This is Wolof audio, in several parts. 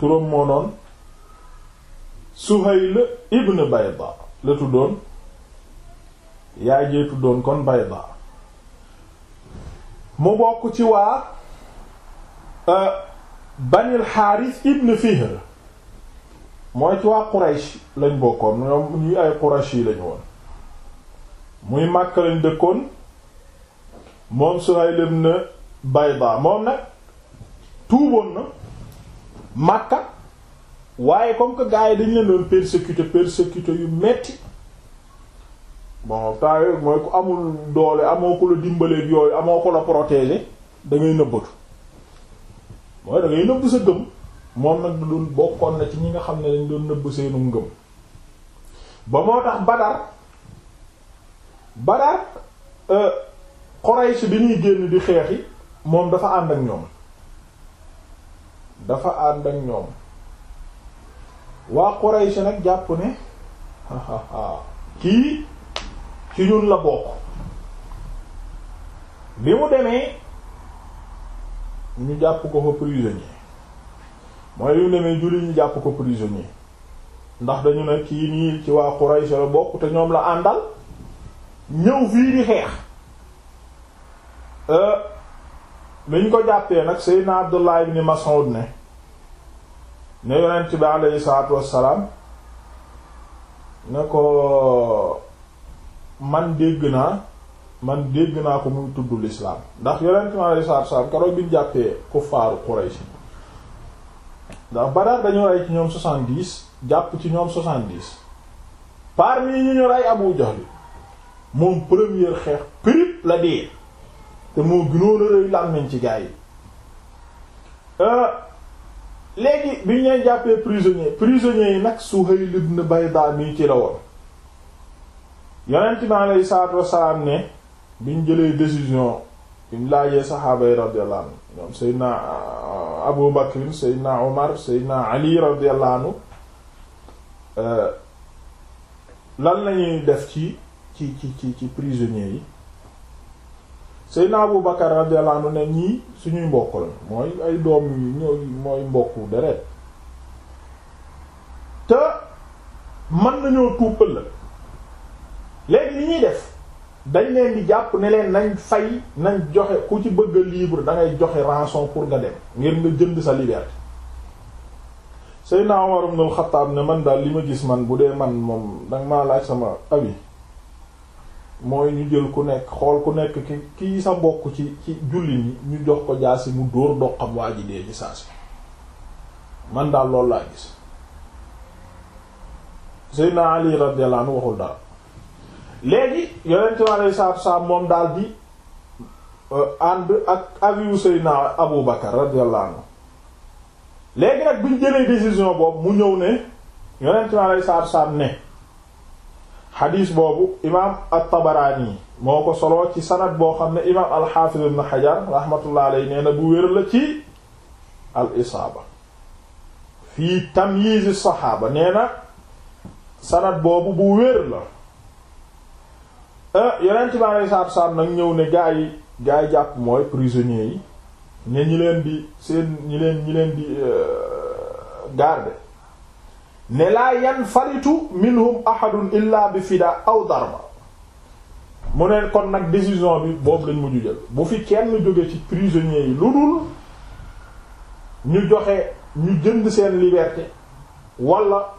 turam moo noon Suhayl ibn Bayda la tuddoon yaay jee tuddoon kon Bayda mu bokk ci waa euh, Banil Xaaris ibn Fihr mooy ci waa Quraysh lañ bokkoon ñoom ñuy ay Quraysh yi lañu woon muy Makka lañ dëkkoon moom Suhayl ibn Bayda moom nag tuuboon na Makka waaye comme que gars yi dañ leen doon persécuté persécuté yu metti bon temps yooyu mooy ku amul doole amoo ko la dimbaleeg yooyu amoo ko la protégé da nëbbatu mooy da nëbb sa gëm moom nag da bokkoon na ci ñi nga xam ne dañ doon nëbb seenu ngëm ba moo tax Badar Badar euh, Quraysh bi ñuy génn di xeexi moom dafa ànd ak ñoom dafa ànd ak ñoom waa Quraysh nag jàpp ne kii ci ñun la bokk bi mu demee ñu jàpp ko ko prisonnier mooy bi mu demee julli ñu jàpp ko prisonnier ndax dañu ne kii nii ci waa Quraysh la bokk te ñoom la àndal ñëw fii di xeex. Euh, ñu ko jàppee nag seydna Abdullah ibn Mas'ud ne ne yonent bi aleyhi salaatu wassalaam ne ko man dégg naa man dégg naa ko muy tudd lislaam ndax yonent bi aleyhi salaatu wassalaam keroog biñ jàppee kuffaaru Quraysh ndax Badar dañu rey ci ñoom soixante-dix jàpp ci ñoom soixante-dix parmi ñu ñu rey Abu moom première xeex prip la dee te moo gënoon a rëy làmmiñ ci gaa yi euh, léegi bi ñu leen jàppee prisonnier prisonnier yi nag Suhayl ibn Bayda mii ci la woon yonent mi alayhi salaatu wassalaam ne biñ jëlee décision biñ laajee saxaaba yi radiyallahu anhu ñoom Seydina euh, Abu Bakr Seydina Omar Seydina Ali radiyallahu anhu euh, lan lañuy def ci ci ci ci ci prisonniers yi Seydina Abu Bakar radiyallahu anhu ne ñii suñuy mbokk la mooy ay doom yu ñooy mooy mbokk deret te mën nañoo tuub ëllëg léegi li ñuy def dañ leen di jàpp ne leen nañ fay nañ joxe ku ci bëgg a libre da ngay joxe rançon pour nga dem ngir nga jënd sa liberté Seydina Umar ibn al-Khattab ne man daal li ma gis man bu dee man moom danga maa laaj sama avis mooy ñu jël ku nekk xool ku nekk ki kii sa bokk ci ci julli ñi ñu jox ko jaasi mu dóor doqam waa ji dee ci saa si man daal loolu laa gis Seydina Ali radiyallahu anhu waxul dara léegi yonent mi alei salatu salaam moom daal di euh, ànd ak aviu Seydina Abu Bakar radiyallahu anhu léegi nag buñ jëlee décision boobu mu ñëw ne yonent mi alei salatu salaam ne xadiis boobu imaam at-Tabaraani moo ko solo ci sanad boo xam ne imaam al-Xaafiz ibn Hajar rahmatullah alayhi nee na bu wér la ci al-Isaaba fii tamyiiz as-saxaaba nee na sanad boobu bu wér la eh, yonent bi alayhi salaatu salaam nag ñëw ne gaa yi jàpp mooy prisonniers yi ne ñi leen di seen ñi leen ñi leen di eh, garder ne laa yanfaritu minhum ahadun illa bi fida aw darba mu ne kon nag décision bi boobu lañ mujju jël bu fi kenn jóge ci prisonniers yi lu dul ñu joxe ñu jënd seen liberté wala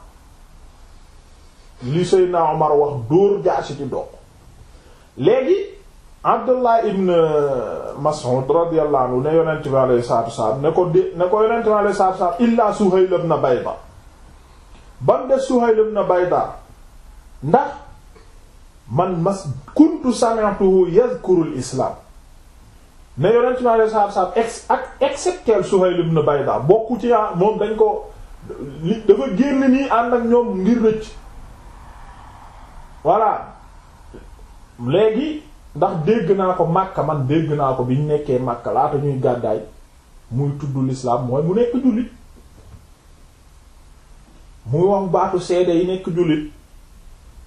li Seydina Omar wax dóor jaasi ci doo léegi Abdullah ibn Mas'ud radiyallahu anhu ne yonent bi alayhi salaatu wasalaam ne ko dé ne ko yonent bi alayhi salaatu wasalaam illa Suhayl ibn Bayda bande mu des Suhayl ibn Bayda ndax man mas kuntu sami'tuhu yadhkuru al-islam ne yonent mi alayhi salaatu salaam ex ak excepté Suhayl ibn Bayda bokku ci yaa ah, moom dañ ko li dafa génn nii ànd ak ñoom ngir rëcc voilà léegi ndax dégg naa ko Makka man dégg naa ko bi ñu nekkee Makka laata ñuy gàddaay muy tudd l'islam mooy mu nekk jullit muy wax baatu seede yi nekk jullit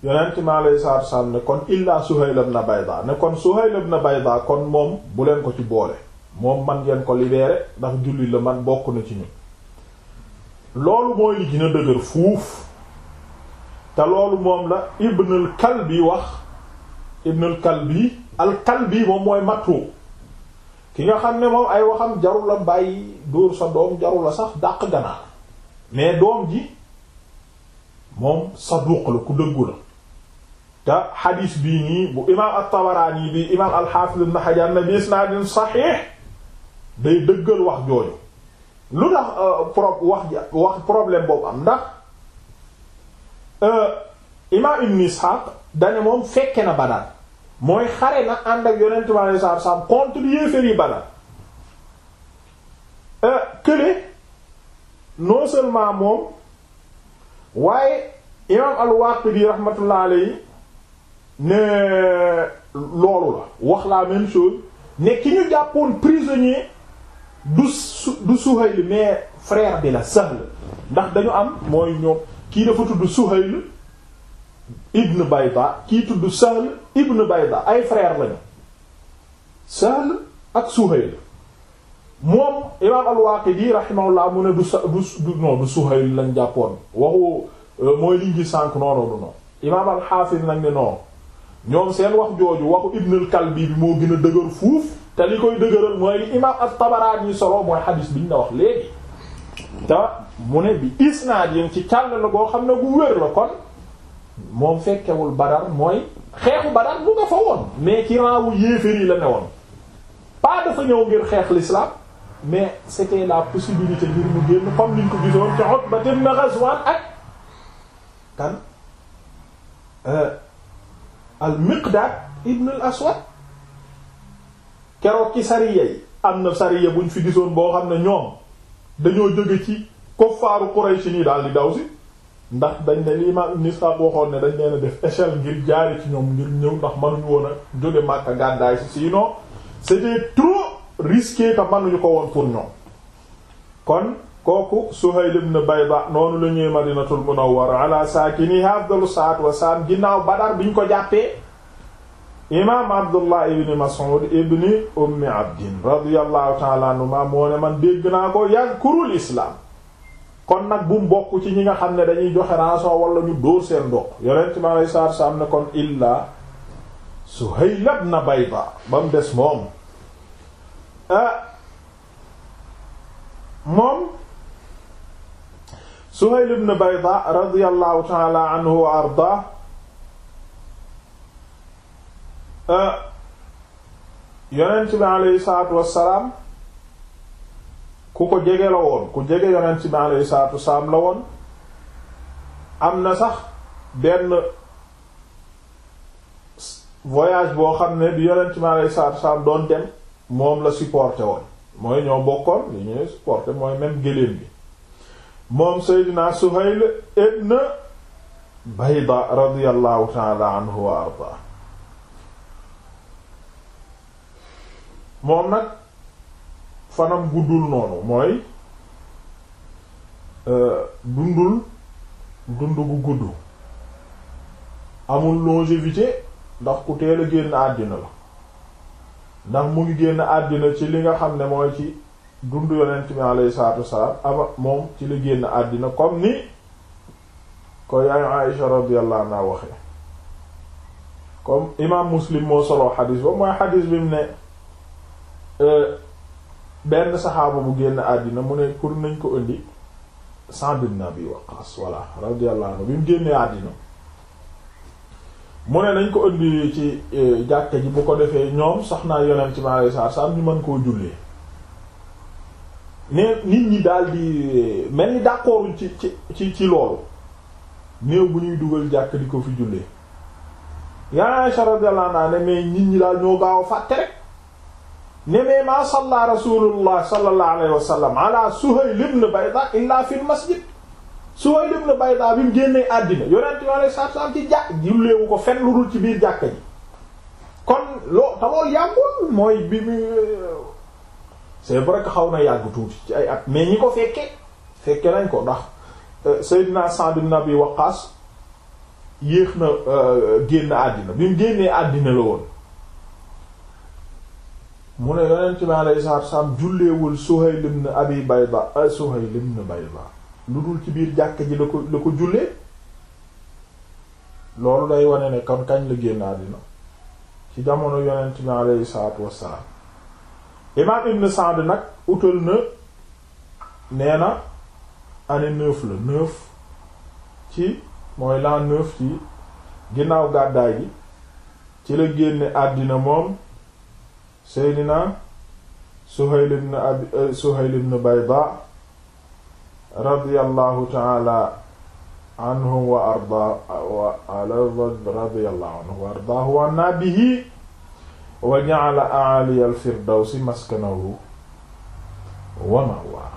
yonent mi alayhi salaatu wasalaam ne kon illaa Suhayl ibn Bayda ne kon na ibn Bayda kon moom bu leen ko ci boole moom man ngeen ko libeere ndax jullit la man bokk na ci ñu loolu mooy li gën a dëgër fuuf te loolu moom la Ibnul Kalbi wax Ibnul Kalbi al Kalbi moom mooy matru ki nga xam ne moom ay waxam jarul la bàyyi dóor sa doom jarul la sax dàq ganaar mais doom ji moom saduq la ku dëggu la te xadiis bii nii bu imaam at-Tabaraani bi imaam al-Hafiz ibn Hajar na bi isnaadin saxiix day dëggal wax jooju lu tax euh, pro wax wax problème boobu am ndax euh, imaam ibn Ishaq dane moom fekke na Badar mooy xare na ànd ak yonent bi alayhi salaatu salaam contre yéefar yi Badar euh, kële non seulement moom waaye imaam al-Waqidi rahmatullah alayhi ne loolu la wax laa même chose ne ki ñu jàppoon prisonnier du su du Suhayl mais frère bi la Sahl ndax dañu am mooy ñoom kii dafa tudd Suhayl ibn Bayda kii tudd Sahl ibn Bayda ay frère lañu Sahl ak Suhayl moom imaam al-Waaqidi rahimahullah mu ne du sa du non du Suhayl lañ jàppoon waxu euh, mooy liñ gi sànq noonu du non imaam al-Haafiz nag ne non ñoom seen wax jooju waxu Ibn al-Kalbi bi moo gën a dëgër fuuf te li koy dëgëral mooy li imaam at-Tabaraani solo mooy xadiis bi ñu la wax léegi te mu ne bi isnaad yéen ci càll la boo xam ne bu wér la kon moom fekkewul Badar mooy xeexu Badar bu nga fa woon mais ci raawu yéeféer yi la ne woon pas ñëw ngir xeex l'islam mais c'était la possibilité ngir mu génn comme niñ ko gisoon ca Utba na Ghazwan ak kan euh, al Miqdad ibn al Aswad keroog ci sariya yi am na sariya buñ fi gisoon boo xam ne ñoom dañoo jóge ci kuffaaru Quraysh nii daal di daw si ndax dañ ne lii imaam Ibn Ishaq waxoon ne dañ leen a def échelle ngir jaari ci ñoom ngir ñëw ndax mënuñu woon a jóge Makka gàddaay si sinon c'était trop risqué te mënuñu ko woon pour ñoom kon kooku Suhayl ibn Bayda noonu la ñuy Madinatul Munawwara ala saakini afdalu salaatu wassalaam ginnaaw Badar bi ñu ko jàppee imaam Abdullah ibn Mas'ud ibn Ummi Abdin radiyallahu ta'ala anhuma moo man dégg naa ko yadkurul islaam kon nag bu mu bokk ci ñi nga xam ne dañuy joxe rançon wala ñu dóor seen doq yonent mi alayhi salaatu wassalaam ne kon illaa Suhayl ibn Bayda ba mu des moom Ah. moom Suhayl ibn Bayda radiyallahu ta'ala anhu wa arda ah. yonent bi alayhi salaatu wassalaam ku ko jege la woon ku jege yonent bi alayhi salaatu wassalaam la woon am na sax benn voyage boo xam ne bi yonent bi alayhi salaatu wassalaam doon dem moom la supporté woon mooy ñoo bokkoon li ñuy supporté mooy même géléem bi moom Seydina Suhayl ibn Bayda radiyallahu taala anhu wa moom nag fanam guddul noonu mooy euh, dundul dund gu gudd amul longévité ndax ku teel a génn àddina la ndax mu ngi génn àddina ci li nga xam ne mooy ci dundu yonent mi alayhi salaatu wasalaam aba moom ci la génn àddina comme ni ko yaay Aïsha radiyallahu anha waxee comme imaam Muslim moo solo xadiis ba mooy xadiis bi mu ne euh, benn saxaaba bu génn àddina mu ne pour nañ ko indi Sa'd ibn Abi Waqqas voilà radiyallahu anhu bi mu génnee àddina mu ne nañ ko indi ci eh, jàkka ji bu ko defee ñoom soxnaa yonent ci maanaam sa saa ñu mën koo jullee ne nit ñi daal di eh, mel ni d'accord ci ci ci ci loolu néew bu ñuy dugal jàkk di ko fi jullee yaa Aisha radiyallahu anha ne mais nit ñi daal ñoo gaaw a fàtte rek ne mais ma salla rasulullah sallallahu alayhi wa sallam ala Suhayl ibn fil masjid Suwayl ibn Bayda bi mu génnee àddina yonent bi alayhi salaatu salaam ci jàkk julleewu ko fenn lu dul ci biir jàkka ji kon loo te loolu mooy bi mu c'est vrai que xaw na yàgg tuuti ci ay at mais ñi ko fekke fekke nañ ko ndax euh, Seydina Sa'd ibn Abi Waqqas yéex na euh, génn àddina bi mu génnee àddina la woon mu ne yonent bi alayhi salaatu salaam julleewul Suhayl ibn Abi Bayda euh, Suhayl ibn Bayda lu dul ci biir jàkk ji la ko la ko jullee loolu day wone ne kon kañ la génn àddina ci jamono yonent bi aleyhi salaatu wassalaam imaam ibn Sa'd nag utal na nee na année neuf la neuf ci mooy l'an neuf ci ginnaaw gàddaay gi ci la génne àddina moom Seydina Suhayl ibn Abi euh, Suhayl ibn Bayda radiyallahu taala anhum wa ardaahum radiyallahu anhu wa ardaahu wa anna bihi wa ja'ala a'ali al-firdawsi maskanahu wa ma'waahu